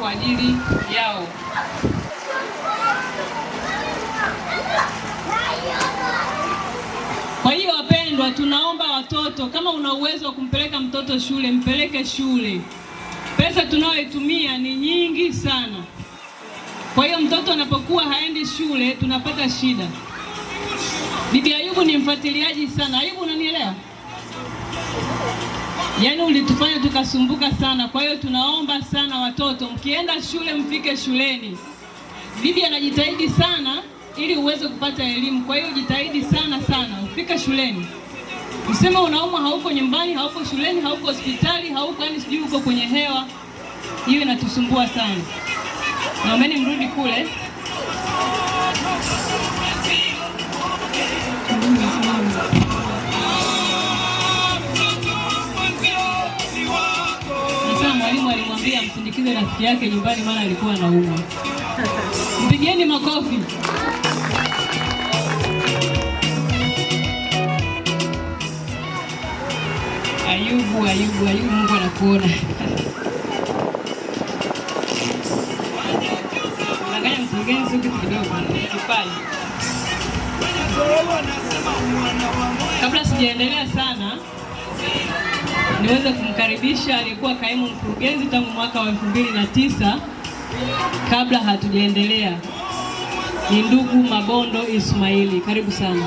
kwa ajili yao. Kwa hiyo wapendwa, tunaomba watoto, kama una uwezo wa kumpeleka mtoto shule, mpeleke shule. Pesa tunayoitumia ni nyingi sana, kwa hiyo mtoto anapokuwa haendi shule tunapata shida. Bibi Ayubu ni mfuatiliaji sana. Ayubu, unanielewa? yaani ulitufanya tukasumbuka sana. Kwa hiyo tunaomba sana watoto, mkienda shule mfike shuleni. Bibi anajitahidi sana ili uweze kupata elimu, kwa hiyo jitahidi sana sana ufike shuleni. Usema unaumwa, hauko nyumbani, hauko shuleni, hauko hospitali, hauko yani sijui uko kwenye hewa, hiyo inatusumbua sana. Naombeni mrudi kule. asimsindikize rafiki yake nyumbani, maana alikuwa anaumwa. Mpigieni makofi. Ayubu, Ayubu, Ayubu, Mungu anakuona. Kabla sijaendelea sana Nimeweza kumkaribisha aliyekuwa kaimu mkurugenzi tangu mwaka wa tisa. kabla hatujaendelea, ni ndugu Mabondo Ismaili, karibu sana.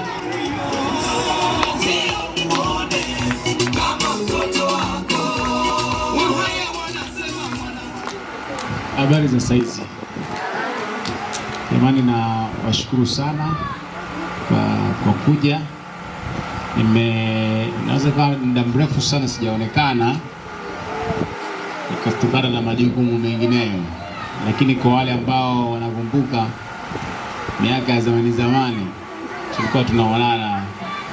Habari za saizi jamani, na washukuru sana kwa, kwa kuja nime naweza kawa muda mrefu sana sijaonekana ikatokana na majukumu mengineyo, lakini kwa wale ambao wanakumbuka miaka ya zamani zamani, tulikuwa tunaonana,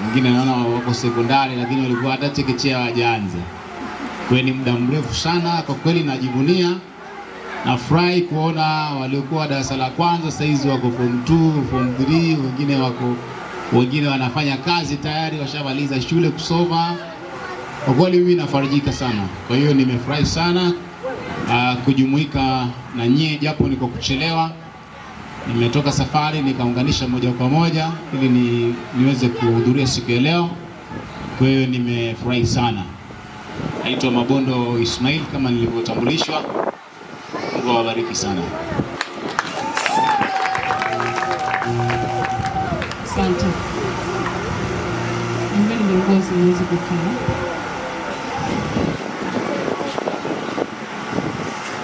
wengine naona wako sekondari, lakini walikuwa hata chekechea wajaanza. Kwa ni muda mrefu sana kwa kweli, najivunia. Nafurahi kuona waliokuwa darasa la kwanza saizi wako form 2 form 3, wengine wako wengine wanafanya kazi tayari, washamaliza shule kusoma. Kwa kweli mimi nafarijika sana, kwa hiyo nimefurahi sana uh, kujumuika na nyie, japo niko kuchelewa, nimetoka safari nikaunganisha moja kwa moja ili ni, niweze kuhudhuria siku ya leo. Kwa hiyo nimefurahi sana. Naitwa Mabondo Ismail kama nilivyotambulishwa. Mungu awabariki sana. Asante. Naomba viongozi niweze kukaa.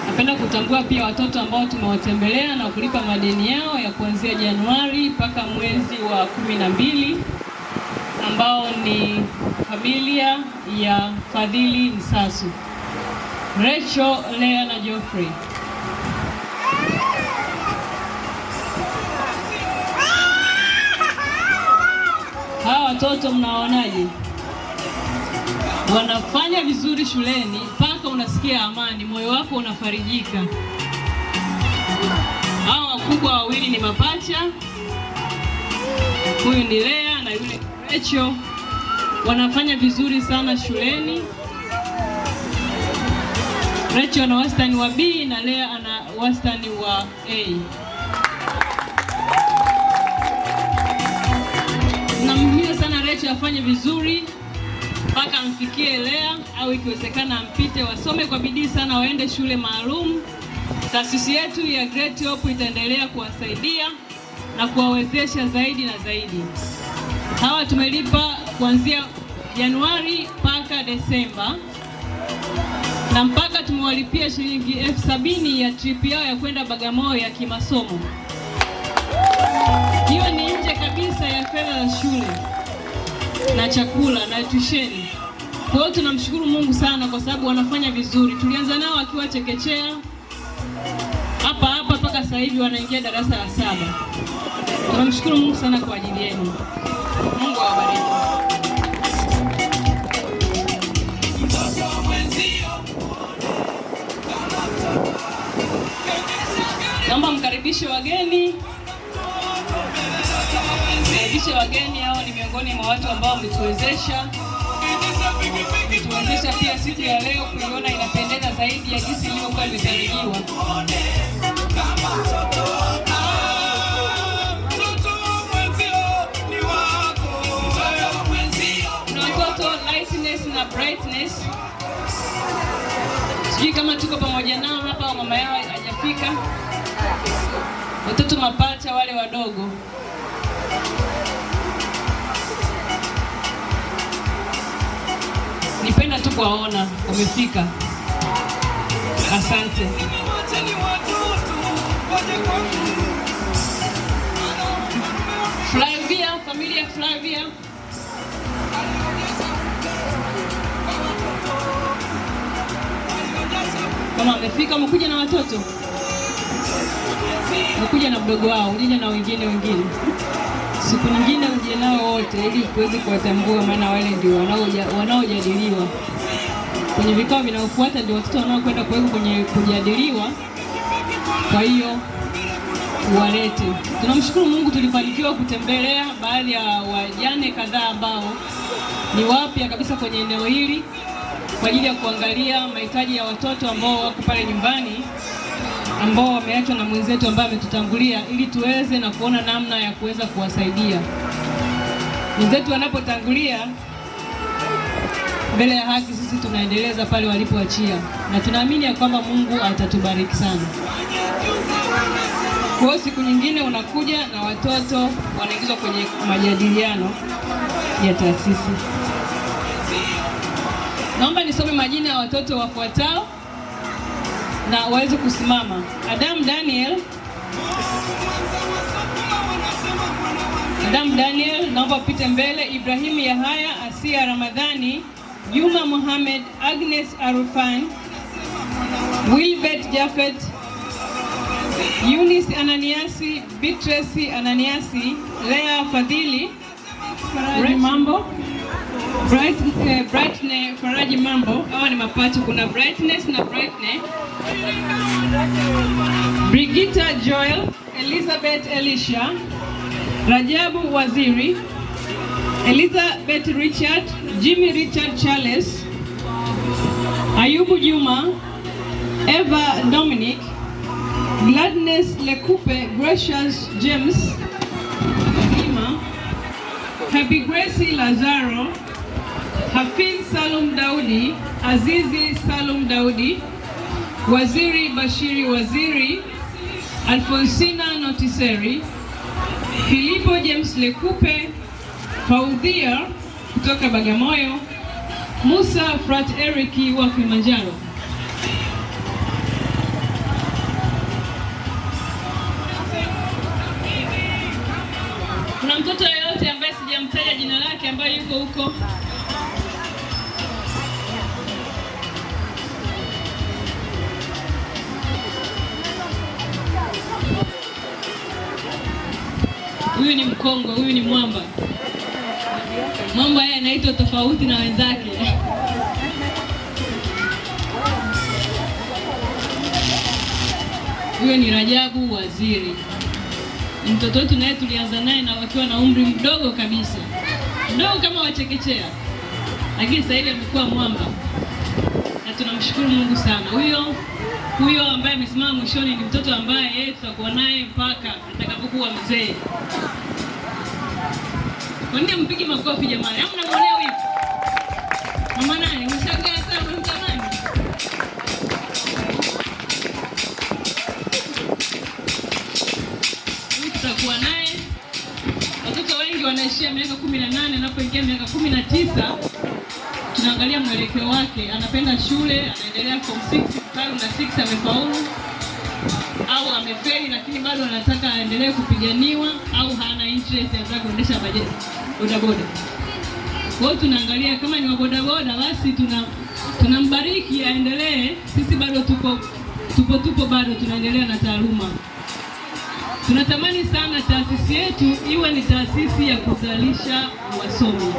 Napenda kutambua pia watoto ambao tumewatembelea na kulipa madeni yao ya kuanzia Januari mpaka mwezi wa kumi na mbili ambao ni familia ya Fadhili Msasu, Rachel, Lea na Geoffrey. watoto mnaonaje? Wanafanya vizuri shuleni mpaka unasikia amani, moyo wako unafarijika. Hawa wakubwa wawili ni mapacha, huyu ni Lea na yule Recho, wanafanya vizuri sana shuleni. Recho ana wastani wa B na Lea ana wastani wa A. afanye vizuri mpaka amfikie Lea au ikiwezekana ampite. Wasome kwa bidii sana, waende shule maalum. Taasisi yetu ya Great Hope itaendelea kuwasaidia na kuwawezesha zaidi na zaidi. Hawa tumelipa kuanzia Januari mpaka Desemba, na mpaka tumewalipia shilingi elfu sabini ya trip yao ya kwenda Bagamoyo ya kimasomo. Hiyo ni nje kabisa ya fedha za shule na chakula na tusheni. Kwa hiyo tunamshukuru Mungu sana kwa sababu wanafanya vizuri. Tulianza nao akiwa chekechea hapa hapa mpaka sasa hivi wanaingia darasa la saba. Tunamshukuru Mungu sana kwa ajili yenu. Mungu awabariki. Naomba mkaribishe wageni wote wageni hao ni miongoni mwa watu ambao wametuwezesha wametuwezesha pia siku ya leo kuiona inapendeza zaidi ya jinsi ilivyokuwa imetarajiwa. watoto sijui kama tuko pamoja nao hapa, mama yao hajafika, watoto mapacha wale wadogo. tu kuwaona umefika. Asante. Flavia, familia Flavia. Kama amefika, amekuja na watoto, amekuja na mdogo wao, ulija na wengine wengine, siku nyingine tuje nao wote ili tuweze kuwatambua, maana wale ndio wanaojadiliwa kwenye vikao vinaofuata ndio watoto wanaokwenda kuwekwa kwenye kujadiliwa. Kwa hiyo walete. Tunamshukuru Mungu, tulifanikiwa kutembelea baadhi ya wajane kadhaa ambao ni wapya kabisa kwenye eneo hili kwa ajili ya kuangalia mahitaji ya watoto ambao wako pale nyumbani ambao wameachwa na mwenzetu ambaye ametutangulia, ili tuweze na kuona namna ya kuweza kuwasaidia. Wenzetu wanapotangulia mbele ya haki, sisi tunaendeleza pale walipoachia, na tunaamini ya kwamba Mungu atatubariki sana. Kwa hiyo siku nyingine unakuja na watoto wanaingizwa kwenye majadiliano ya taasisi. Naomba nisome majina ya watoto wafuatao na waweze kusimama: Adam Daniel Madam Daniel, naomba upite mbele. Ibrahimu Yahaya, Asia Ramadhani, Juma Mohamed, Agnes Arufan, Wilbert Jafet, Eunice Ananiasi, Beatrice Ananiasi, Lea Fadhili, Faraji Mambo, Bright, uh, eh, Brightne Faraji Mambo. Hawa ni mapacha, kuna Brightness na Brightne. Brigita Joel, Elizabeth Elisha Rajabu Waziri, Elizabeth Richard, Jimmy Richard Charles, Ayubu Juma, Eva Dominic, Gladness Lekupe, Gracious James Lima, Happy Gracie Lazaro, Hafiz Salum Daudi, Azizi Salum Daudi, Waziri Bashiri Waziri, Alfonsina Notiseri Filipo James Lekupe, Faudhia kutoka Bagamoyo, Musa Frat Eric wa Kilimanjaro. Kuna mtoto yeyote ambaye sijamtaja jina lake ambaye yuko huko? huyu ni mkongwe, huyu ni mwamba. Mwamba yeye anaitwa tofauti na wenzake. Huyo ni Rajabu Waziri, mtoto wetu naye tulianza naye na wakiwa na umri mdogo kabisa, mdogo kama wachekechea, lakini sasa hivi amekuwa mwamba na tunamshukuru Mungu sana huyo huyo ambaye amesimama mwishoni ni mtoto ambaye yeye tutakuwa naye mpaka atakapokuwa mzee. Kwa nini mpige makofi jamani? Au mwonea wivu? Mama nani? Mshangaa sana mtamani. Tutakuwa naye. Watoto wengi wanaishia miaka 18 anapoingia miaka 19 tunaangalia mwelekeo wake, anapenda shule, anaendelea form 6 mtaru na 6 amefaulu au amefeli, lakini bado anataka aendelee kupiganiwa, au hana interest, anataka kuendesha bodaboda. Kwa hiyo tunaangalia kama ni wabodaboda, basi tuna tunambariki aendelee. Sisi bado tupo tupo tupo, bado tunaendelea na taaluma. Tunatamani sana taasisi yetu iwe ni taasisi ya kuzalisha wasomi.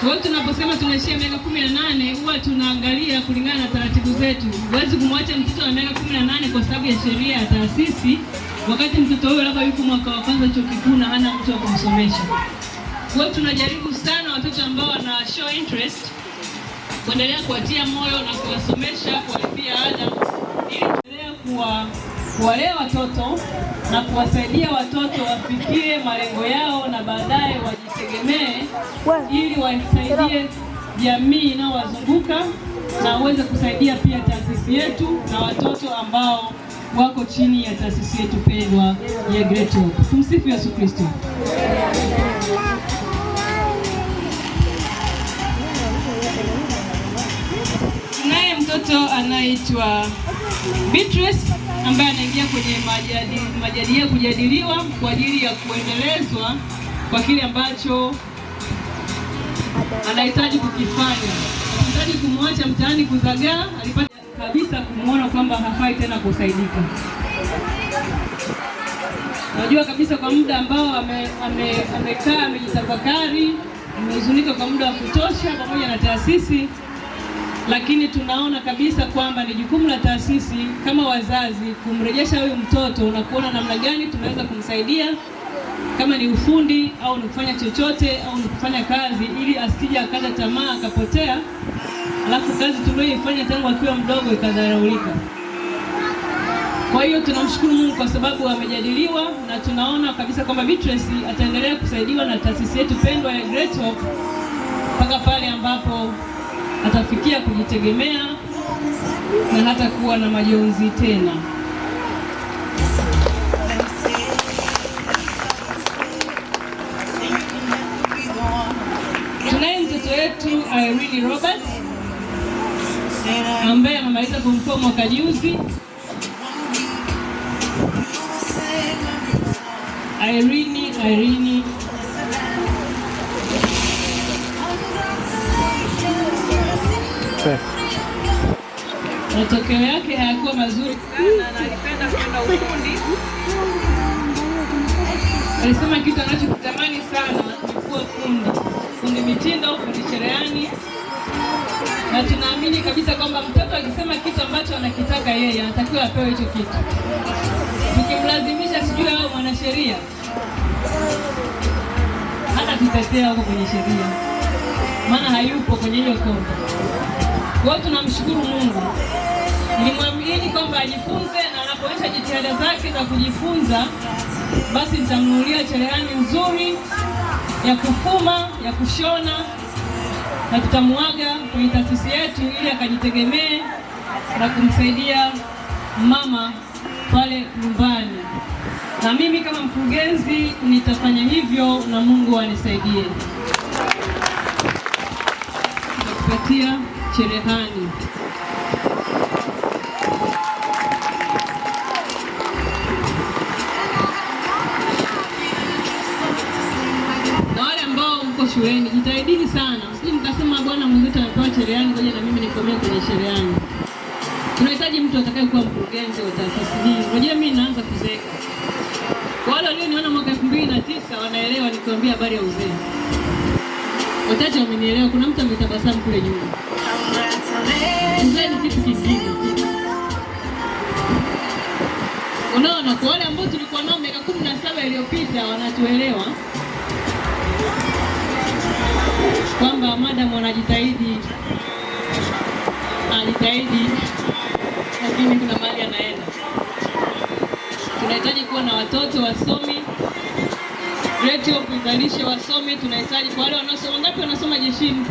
Kwa hiyo tunaposema tunaishia miaka kumi na nane huwa tunaangalia kulingana na taratibu zetu. Huwezi kumwacha mtoto wa miaka kumi na nane kwa sababu ya sheria ya taasisi, wakati mtoto huyo labda yuko mwaka wa kwanza chuo kikuu na hana mtu wa kumsomesha. Kwa hiyo tunajaribu sana watoto ambao wana show interest kuendelea kuwatia moyo na kuwasomesha, kuwalipia ada ili kuendelea kuwalea watoto na kuwasaidia watoto wafikie malengo yao na baadaye wajitegemee, ili waisaidie jamii inayowazunguka na uweze kusaidia pia taasisi yetu na watoto ambao wako chini ya taasisi yetu pendwa ya Great Hope. Tumsifu Yesu Kristo. Tunaye mtoto anaitwa Beatrice ambaye anaingia kwenye majadiliano kujadiliwa kwa ajili ya kuendelezwa kwa kile ambacho anahitaji kukifanya. Anahitaji kumwacha mtaani kuzagaa, alipata kabisa kumwona kwamba hafai tena kusaidika. Najua kabisa kwa muda ambao amekaa ame, ame amejitafakari, amehuzunika kwa muda wa kutosha pamoja na taasisi lakini tunaona kabisa kwamba ni jukumu la taasisi kama wazazi kumrejesha huyu mtoto na kuona namna gani tunaweza kumsaidia kama ni ufundi au ni kufanya chochote au ni kufanya kazi, ili asije akata tamaa akapotea, alafu kazi tuliyoifanya tangu akiwa mdogo ikadharaulika. Kwa hiyo tunamshukuru Mungu kwa sababu amejadiliwa na tunaona kabisa kwamba Beatrice ataendelea kusaidiwa na taasisi yetu pendwa ya Great Hope mpaka pale ambapo atafikia kujitegemea na hata kuwa na majonzi tena. Tunaye mtoto wetu Irene Robert ambaye amemaliza kumtoa mwaka juzi. Irene, Irene matokeo yake hayakuwa mazuri sana, na alipenda kwenda ufundi. Alisema kitu anachokitamani sana kuwa fundi, fundi mitindo, fundi cherehani, na tunaamini kabisa kwamba mtoto akisema kitu ambacho anakitaka yeye, anatakiwa apewe hicho kitu. Tukimlazimisha sijui ao mwanasheria, hata tutetea huko kwenye sheria, maana hayupo kwenye hiyo kombo kwao tunamshukuru Mungu nilimwambieni kwamba ajifunze na anapoonyesha jitihada zake za kujifunza, basi nitamnunulia cherehani nzuri ya kufuma ya kushona na tutamwaga kwenye taasisi yetu ili akajitegemee na kumsaidia mama pale nyumbani. Na mimi kama mkurugenzi nitafanya hivyo na Mungu anisaidie. Nitakupatia cherehani. shuleni, jitahidini sana, usije mkasema bwana mwenzetu amepewa cherehani, ngoja na mimi nikomee kwenye cherehani. Tunahitaji mtu atakaye kuwa mkurugenzi wa taasisi hii. Unajua mimi naanza kuzeeka. Wale walioniona mwaka 2009 wanaelewa nikiwaambia habari ya uzee. Wachache wamenielewa. Kuna mtu ametabasamu kule nyuma. Uzee ni kitu kingine. Unaona, kwa wale ambao tulikuwa nao miaka 17 iliyopita wanatuelewa. anajitahidi, anajitahidi, lakini kuna mahali anaenda. Tunahitaji kuwa na watoto wasomi, Great Hope izalishe wasomi. Tunahitaji kwa wale wanaosoma, ngapi wanasoma jeshini?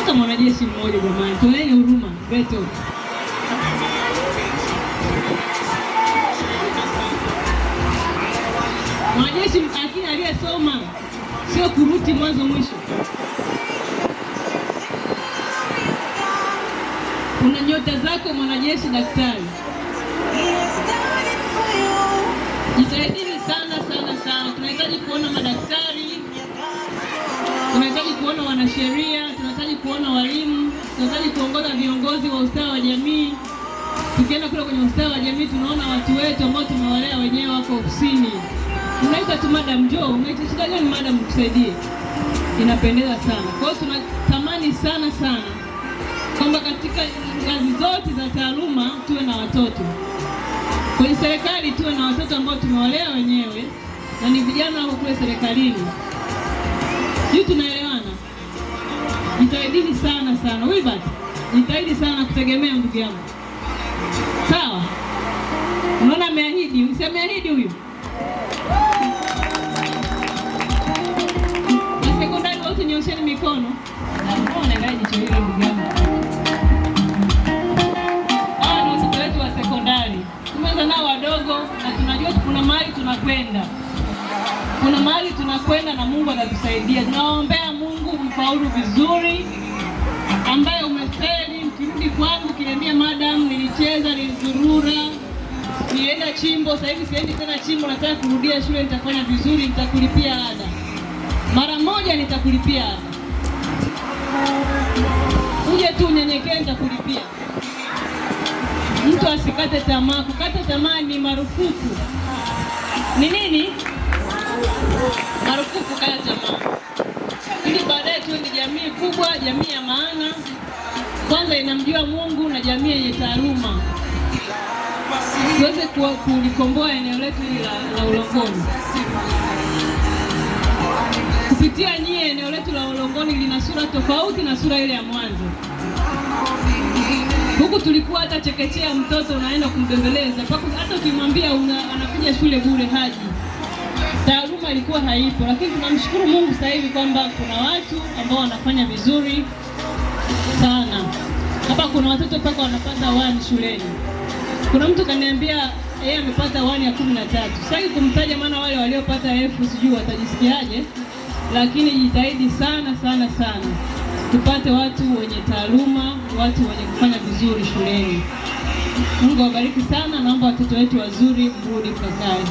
Hata mwanajeshi mmoja jamani, tuoneni huruma Great Hope. Mwanajeshi aliyesoma sio kuruti mwanzo mwisho. Una nyota zako mwanajeshi daktari, jitahidini sana sana sana. Tunahitaji kuona madaktari, tunahitaji kuona wanasheria, tunahitaji kuona walimu, tunahitaji kuongoza viongozi wa ustawi wa jamii. Tukienda kule kwenye ustawi wa jamii, tunaona watu wetu ambao tumewalea wenyewe wako ofisini unaita tu madam unaita shida gani madam tusaidie, inapendeza sana. Kwa hiyo tunatamani sana sana kwamba katika ngazi zote za taaluma tuwe na watoto kwenye serikali, tuwe na watoto ambao tumewalea wenyewe na ni vijana wako kule serikalini juu, tunaelewana. Jitahidini sana sana Wilbert, jitahidi sana kutegemea ndugu yangu, sawa? Unaona ameahidi, usiameahidi huyu nyosheni mikono naanaendae jicho hili ndugu yangu. watoto wetu wa sekondari, tumeza nao wadogo, na tunajua kuna mahali tunakwenda, kuna mahali tunakwenda na Mungu atatusaidia. tunaombea Mungu mfaulu vizuri, ambaye umefeli, mkirudi kwangu kiniambia, madam, nilicheza nilizurura nilienda chimbo, sahivi siendi tena chimbo, nataka kurudia shule, nitafanya vizuri, nitakulipia ada mara moja nitakulipia hapa. Uje tu unyenyekee, nitakulipia. Mtu asikate tamaa. Kukata tamaa ni marufuku. Ni nini? Marufuku kukata tamaa, ili baadaye tu ni jamii kubwa, jamii ya maana, kwanza inamjua Mungu na jamii yenye taaluma, tuweze kulikomboa eneo letu hili la, la Ulongoni kupitia nyie, eneo letu la Olongoni lina sura tofauti na sura ile ya mwanzo. Huku tulikuwa hata chekechea mtoto unaenda kumbembeleza, hata ukimwambia anakuja shule bure haji, taaluma ilikuwa haipo. Lakini tunamshukuru Mungu sasa hivi kwamba kuna watu ambao wanafanya vizuri sana hapa. Kuna watoto mpaka wanapata wani shuleni. Kuna mtu kaniambia yeye amepata wani ya kumi na tatu. Sitaki kumtaja, maana wale waliopata elfu sijui watajisikiaje lakini jitahidi sana sana sana tupate watu wenye taaluma, watu wenye kufanya vizuri shuleni. Mungu awabariki sana. Naomba watoto wetu wazuri mrudi mkakae.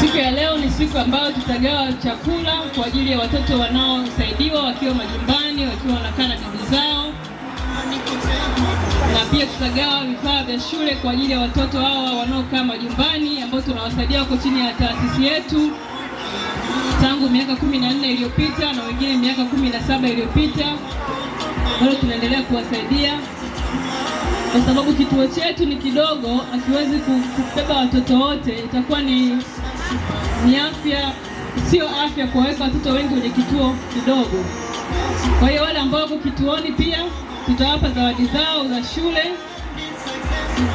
Siku ya leo ni siku ambayo tutagawa chakula kwa ajili ya watoto wanaosaidiwa wakiwa majumbani shuleni wakiwa wanakaa na bibi zao, na pia tutagawa vifaa vya shule kwa ajili ya watoto hawa wanaokaa majumbani ambao tunawasaidia wako chini ya taasisi yetu tangu miaka kumi na nne iliyopita na wengine miaka kumi na saba iliyopita bado tunaendelea kuwasaidia kwa sababu kituo chetu ni kidogo, hakiwezi kubeba watoto wote. Itakuwa ni, ni afya, sio afya kuwaweka watoto wengi kwenye kituo kidogo. Kwa hiyo wale ambao wako kituoni pia tutawapa zawadi zao za shule,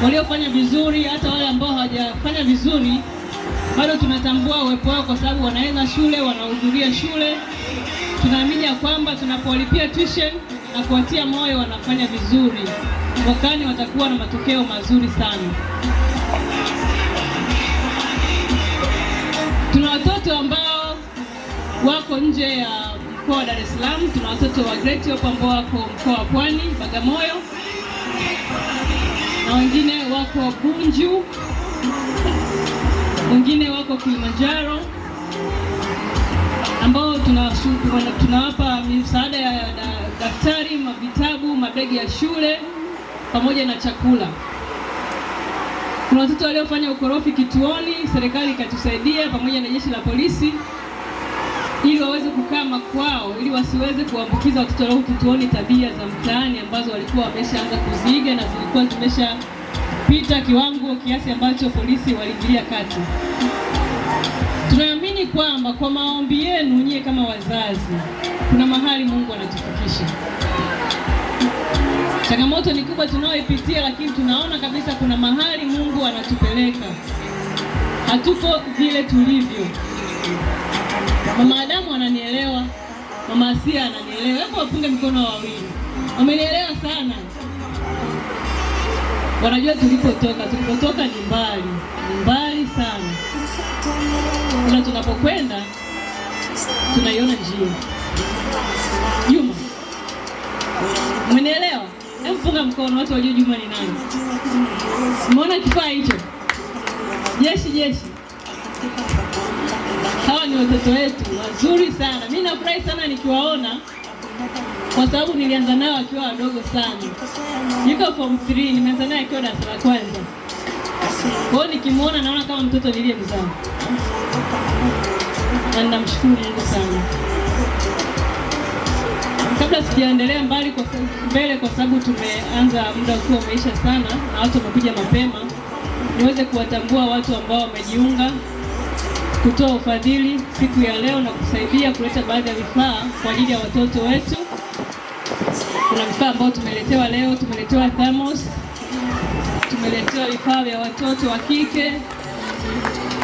waliofanya vizuri, hata wale ambao hawajafanya vizuri bado tunatambua uwepo wao, kwa sababu wanaenda shule, wanahudhuria shule. Tunaamini ya kwamba tunapowalipia tuition na kuwatia moyo wanafanya vizuri, mwakani watakuwa na matokeo mazuri sana. Tuna watoto ambao wako nje ya mkoa wa Dar es Salaam, tuna watoto wa Great Yopa ambao wako mkoa wa Pwani, Bagamoyo, na wengine wako Bunju, wengine wako Kilimanjaro, ambao tunawapa misaada ya daftari, mavitabu, mabegi ya shule pamoja na chakula. Kuna watoto waliofanya ukorofi kituoni, serikali ikatusaidia pamoja na jeshi la polisi ili waweze kukaa makwao, ili wasiweze kuambukiza watoto wao kituoni tabia za mtaani ambazo walikuwa wameshaanza kuziga na zilikuwa zimeshapita kiwango kiasi ambacho polisi waliingilia kati. Tunaamini kwamba kwa maombi yenu nyie kama wazazi, kuna mahali Mungu anatufikisha. Changamoto ni kubwa tunayoipitia, lakini tunaona kabisa kuna mahali Mungu anatupeleka. Hatuko vile tulivyo. Mama Adamu ananielewa, Mama Asia ananielewa. Hebu wapunge mikono wawili, wamenielewa sana. Wanajua tulipotoka, tulipotoka ni mbali, ni mbali sana, ila tunapokwenda tunaiona njia. Juma, mwenielewa, Hebu punga mkono watu wajue Juma ni nani. Umeona kifaa hicho? Jeshi jeshi Hawa ni watoto wetu wazuri sana. Mimi nafurahi sana nikiwaona kwa sababu nilianza nao akiwa wadogo sana, yuko form 3 nimeanza naye akiwa darasa la kwanza. Kwa hiyo nikimwona naona kama mtoto niliyemzaa, na ninamshukuru Mungu sana. Kabla sijaendelea mbali kwa mbele, kwa sababu tumeanza muda ukiwa umeisha sana na watu wamekuja mapema, niweze kuwatambua watu ambao wamejiunga kutoa ufadhili siku ya leo na kusaidia kuleta baadhi ya vifaa kwa ajili ya watoto wetu. Kuna vifaa ambao tumeletewa leo, tumeletewa thermos, tumeletewa vifaa vya watoto wa kike,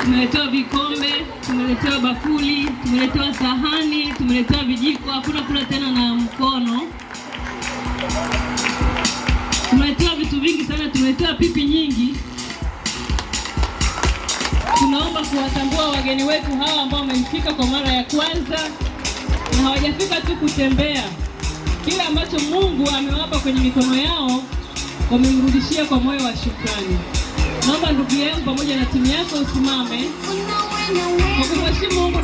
tumeletewa vikombe, tumeletewa bakuli, tumeletewa sahani, tumeletewa vijiko, hakuna kula tena na mkono. Tumeletewa vitu vingi sana, tumeletewa pipi nyingi tunaomba kuwatambua wageni wetu hawa ambao wamefika kwa mara ya kwanza na hawajafika tu kutembea. Kila ambacho Mungu amewapa kwenye mikono yao wamemrudishia kwa moyo wa shukrani. Naomba ndugu yangu pamoja na timu yako usimame kwa kumheshimu Mungu.